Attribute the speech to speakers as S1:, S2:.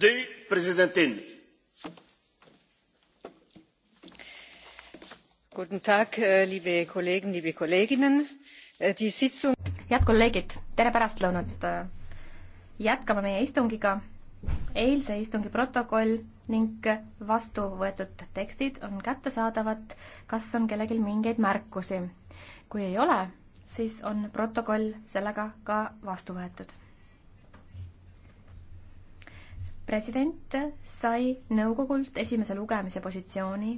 S1: die
S2: präsidentin!
S3: guten tag äh, liebe kollegen liebe kolleginnen! Äh, head kolleegid
S4: tere pärastlõunat! Äh, jätkame meie istungiga. eilse istungi protokoll ning vastu võetud tekstid on kättesaadavad. kas on kellelgi mingeid märkusi? kui ei ole, siis on protokoll sellega ka vastu võetud president sai nõukogult esimese lugemise positsiooni